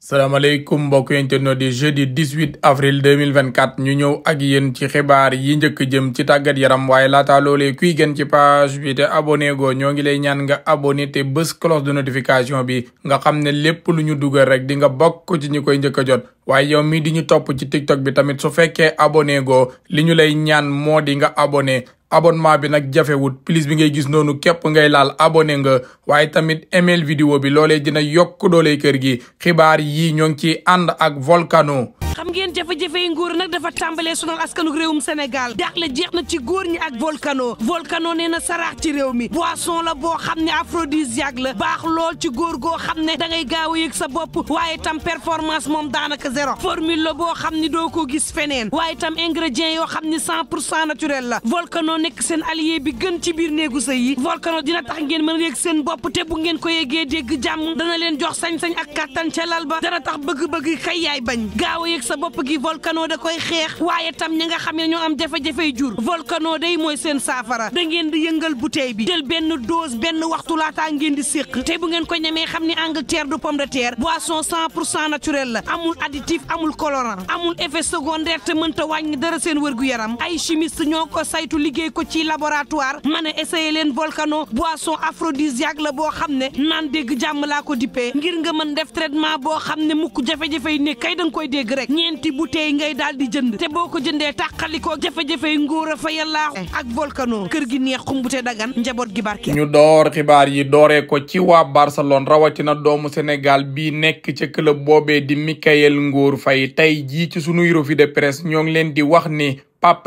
salaamaaleykum mbokk internet di jeudi 18 avril 2024 ñu ñëw ak yéen ci xibaar yi njëkk jëm ci tàggat yaram waaye laata loolee kuy gën ci page bi te abonné go ñoo ngi lay ñaan nga abonné te bés cloche de notification bi nga xam ne lépp lu ñu dugal rek di nga bokk ci ñu koy njëkk a jot waaye yow mii di ñu topp ci tiktok bi tamit su fekkee abonné go li ñu lay ñaan moo di nga abonné abonnement bi nag jafewut plus bi ngay gis noonu képp ngay laal abonné nga waaye tamit email vidéo bi loole dina yokk doole kër gi xibaar yi ñoo ngi ci ànd ak volcano xam ngeen jafe-jafe yi nguur nag dafa tàmbalee sonal askanuk réewum Sénégal daaxle jeex na ci góor ñi ak volcano volcano nee na saraax ci réew mi boisson la boo xam ne aphrodisiaque la baax lool ci góor goo xam ne da ngay gaaw a yëg sa bopp waaye tam performance moom daanaka zéro formule la boo xam ne doo ko gis feneen waaye tam ingrédients yoo xam ne cent pour cent naturel la volcano nekk seen allié bi gën ci biir néegu sëy yi volcano dina tax ngeen mën a yëg seen bopp te ngeen ko yëgee dégg jàmm dana leen jox sañ-sañ ak kàttan ca lal ba dana tax bëgg-bëgg kay yaay bañ gaaw a sa bopp gi volcano da koy xeex waaye tam ñi nga xam ne ñoo am jafe-jafey jur volcano day mooy seen saafara da ngeen di yëngal bouteille bi jël benn dose benn waxtu laataa ngeen di séq te bu ngeen ko ñemee xam ni ter du pom de terre boisson 100 pour cent naturel la amul additif amul colorant amul effet secondaire te mënta wàññi dara seen war gu yaram ay chimiste ñoo ko saytu liggéey ko ci laboratoire mën a essayé leen volcano boisson aphrodisiaque la boo xam ne naan dégg jàmm ko dippee ngir nga mën def traitement boo xam ne mukk jafe ne kay da koy dégg rek ñeenti bouteille ngay daal di jënd te boo ko jëndee tàqalikoo jafe-jafe nguur a fa yàllaa eh. ak volcano kër gi neex xumbute dagan njaboot gi barke ñu door xibaar yi dooree ko ci waa Barcelone rawatina doomu Sénégal bii nekk ca club boobee di Mikayil Ngor fay tey jii ci sunu revue de presse ñoo ngi leen di wax ni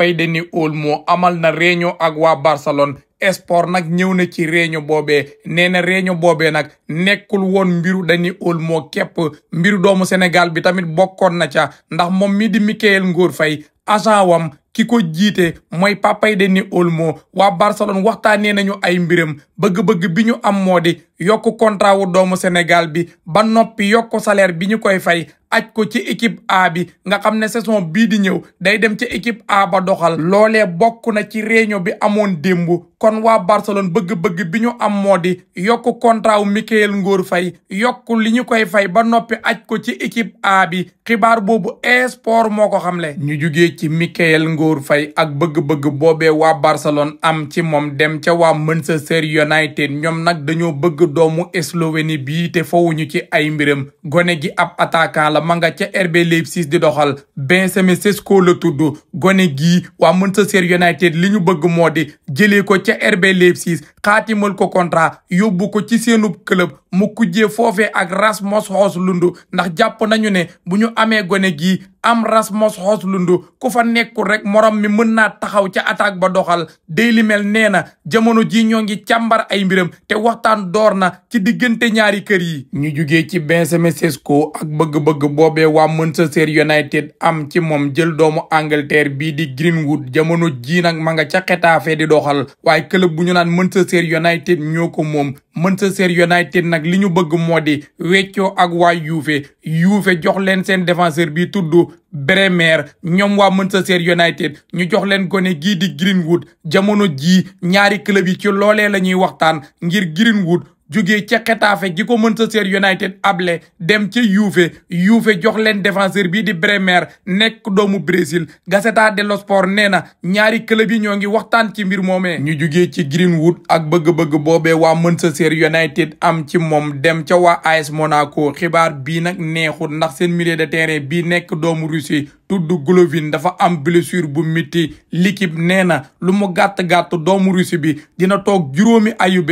ni Deni Olmo amal na réunion ak waa Barcelone sport nag ñëw na ci réunion boobee nee na réunion boobee nag nekkul woon mbiru Dani Olmo képp mbiru doomu Sénégal bi tamit bokkoon na ca ndax moom mii di Mikayil Ngor fay agent wam ki ko jiite mooy papay Dani Olmo waa Barcelone waxtaanee nañu ay mbiram bëgg-bëgg bi ñu am moo di yokk contrat wu doomu Sénégal bi ba noppi yokk salaire bi ñu koy fay aj ko ci équipe A bi nga xam ne saison bii di ñëw day dem ci équipe A doxal loolee bokk na ci réunion bi amoon démb kon waa Barcelone bëgg-bëgg bi ñu am moo di yokk contrat wu Mikayil Ngor fay yokku li ñu koy fay ba noppi aj ko ci équipe A bi xibaar boobu esport moo ko xamle ñu jugee ci Mikayil Ngor fay ak bëgg-bëgg boobee waa Barcelone am ci moom dem ca waa Manchester United ñoom nag dañoo bëgg doomu Esloveni bii te fowuñu ci ay mbiram gone gi ab attaquant la ma nga ca RB Leipzig di doxal Benjamin Sesko la tudd gone gii waa Manchester United li ñu bëgg moo di jëlee ko ca RB Leipzig xaatimal ko contrat yóbbu ko ci seenu club mu kujjee foofee ak Rasmus Højlund ndax jàpp nañu ne bu ñu amee gone gi am Rasmus Højlund ku fa nekkul rek morom mi mën naa taxaw ca attaque ba doxal Daily Mail nee na jamono ji ñoo ngi càmbar ay mbiram te waxtaan door na ci diggante ñaari kër yi ñu juge ci Benjamin Sesko ak bëgg-bëgg boobee waa Manchester United am ci moom jël doomu Angleterre bii di Greenwood jamono ji nag ma nga ca Xetafe di doxal waaye club bu ñu naan Manchester United ñoo ko moom Manchester United nag li ñu bëgg moo di weccoo ak waa Juve yuufe jox leen seen défenseur bi tudd Bremer ñoom waa Manchester United ñu jox leen gone gii di Greenwood jamono jii ñaari club yi ci loole la ñuy waxtaan ngir Greenwood jugee ca Xetafe gi ko mën Manchester United able dem ca Juve Juve jox leen défenseur bii di Bremer nekk doomu Brésil Gazzetta dello Sport nee na ñaari club yi ngi waxtaan ci mbir moomee ñu jugee ci Greenwood ak bëgg-bëgg boobe waa mën Manchester United am ci moom dem ca waa AS Monaco xibaar bii nag neexut ndax seen milieu de terrain bii nekk doomu Russie tudd Golovin dafa am blessure bu métti l'équipe nee na lu mu gàtt-gàtt doomu Russie bi dina toog juróomi ayu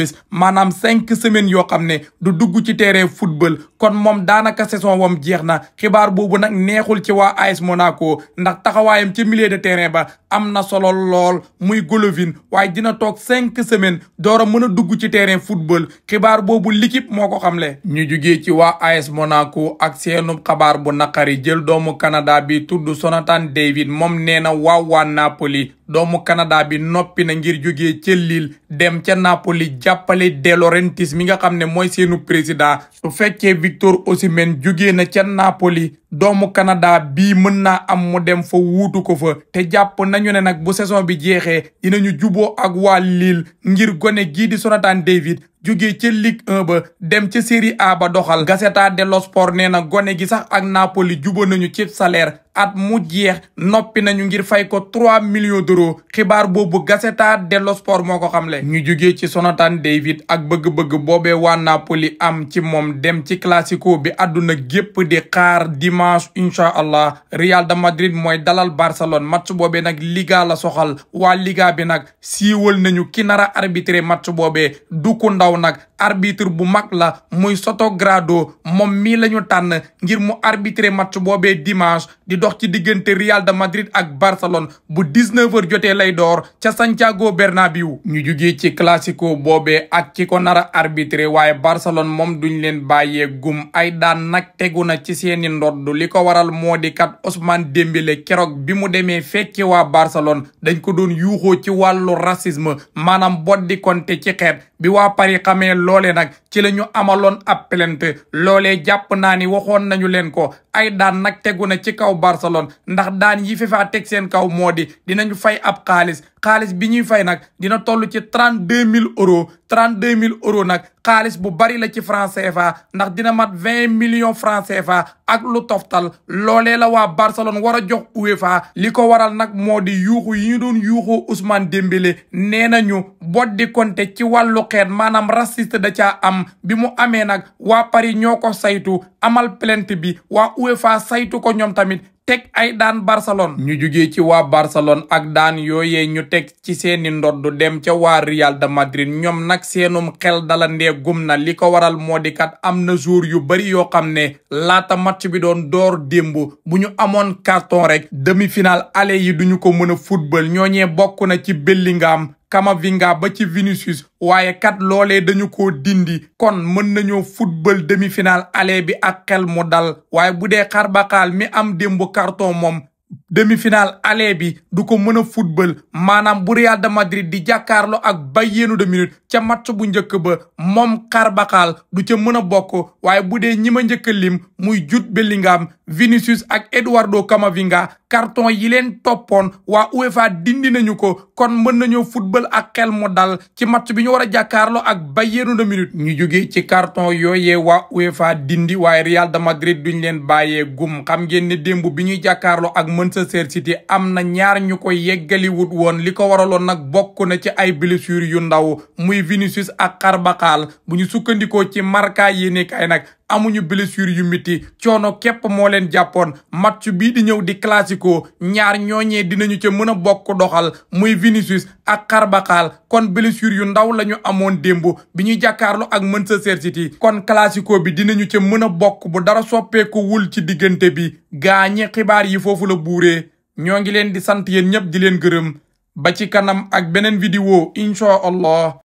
semaine yoo xam ne du dugg ci terrain football kon moom daanaka saison wam jeex na xibaar boobu nag neexul ci waa AS Monaco ndax taxawaayam ci milieu de terrain ba am na solo lool muy Golovin waaye dina toog cinq semaine door a mën a dugg ci terrain football xibaar boobu l'équipe moo ko xamle. ñu jugee ci waa AS Monaco ak seenu xabaar bu naqari jël doomu Canada bi tudd Jonathan David moom nee na Napoli. doomu Canada bi noppi na ngir jógee ca Lille dem ca Napoli jàppale De Laurentiis mi nga xam ne mooy seenu président su fekkee Victor Osimhen jógee na ca Napoli doomu Canada bii mën naa am mu dem fa wuutu ko fa te jàpp nañu ne nag bu saison bi jeexee dinañu jubo ak waa Lille ngir gone gii di Jonathan David jóge ci Ligue 1 ba dem ca Serie A ba doxal Gazzetta dello Sport nee na gone gi sax ak Napoli jubóo nañu ci salaire at mu jeex noppi nañu ngir fay ko trois millions d'euros xibaar boobu Gazzetta dello Sport moo ko xamle. ñu jóge ci Jonathan David ak bëgg-bëgg boobee waa Napoli am ci moom dem ci classico bi àdduna gépp di dimanche incha allah Real de Madrid mooy dalal Barcelone match boobee nag Liga la soxal waa Liga bi nag siiwal nañu ki nara arbitré match boobee du nag arbitre bu mag la muy Sotogrado moom mii la ñu tànn ngir mu arbitrer match boobee dimanche di dox ci diggante Real de Madrid ak Barcelone bu 19h jotee lay door ca Santiago Bernabéu ñu jugee ci classico boobee ak ci ko nar a arbitrer waaye Barcelone moom duñ leen bàyyee gum ay daan nag tegu na ci seeni ndodd li ko waral moo di kat Ousmane Dembélé keroog bi mu demee fekki waa Barcelone dañ ko doon yuuxoo ci wàllu racisme maanaam boddi konte ci xeet bi waa Paris xamee loolee nag ci la ñu amaloon ab plainte loolee jàpp naa ni waxoon nañu leen ko ay daan nag tegu na ci kaw Barcelone ndax daan yi FIFA teg seen kaw moo di dinañu fay ab xaalis xaalis bi ñuy fay nag dina toll ci trente deux mille euros deux mille euros nag xaalis bu bari la ci franc CFA ndax dina mat 20 millions francais CFA ak lu toftal loolee la waa Barcelone war a jox UEFA li ko waral nag moo di yuuxu yi ñu doon yuuxoo Ousmane Dembélé nee nañu boddi Conte ci wàllu xeet maanaam raciste da caa am bi mu amee nag waa Paris ñoo ko saytu amal plainte bi waa UEFA saytu ko ñoom tamit teg ay daan Barcelone ñu jugee ci waa Barcelone ak daan yooyee ñu teg ci seeni ndodd dem ca waa Real de Madrid ñoom nag seenum xel dala ndee gum na li ko waral moo di kat am na jour yu bari yoo xam ne laata match bi doon door démb bu ñu amoon carton rek demi-finale aller yi duñu ko mën a football ñooñee bokk na ci Bellingham Kamavinga ba ci Vinicius waaye kat loole dañu ko dindi kon mën nañu football demi-finale aller bi ak xel mu dal waaye bu dee xarbaqaal mi am démb carton moom demi-finale aller bi du ko mën a football maanaam bu Real de Madrid di jàkkaarloo ak Bayern de Munich ca match bu njëkk ba moom Carvajal du ca mën a bokk waaye bu dee ñi ma njëkk lim muy Jude Bellingham Vinicius ak Eduardo Camavinga carton yi leen toppoon waa UEFA dindi nañu ko kon mën nañoo football ak xel mu dal ci match bi ñu war a jàkkaarloo ak Bayern de Munich ñu jógee ci carton yooyee wa UEFA dindi waaye Real de Madrid duñ leen bàyyee gum xam ngeen ne démb bi ñuy jàkkaarloo ak Manchester Manchester City am na ñaar ñu ko yeggaliwut woon li ko waraloon nag bokk na ci ay blessure yu ndaw muy Vinicius ak Carvajal bu ñu sukkandikoo ci Marca yéene kay nag amuñu blessure yu métti coono képp moo leen jàppoon match bii di ñëw di classico ñaar ñooñee dinañu ca mën a bokk doxal muy Vinicius ak Carvajal kon blessure yu ndaw la ñu amoon démb bi ñuy jàkkaarloo ak Manchester City kon classico bi dinañu ca mën a bokk bu dara soppeeku wul ci diggante bi gaañi xibaar yi foofu la buuree ñoo ngi leen di sant yéen ñëpp di leen gërëm ba ci kanam ak beneen vidéo incha allah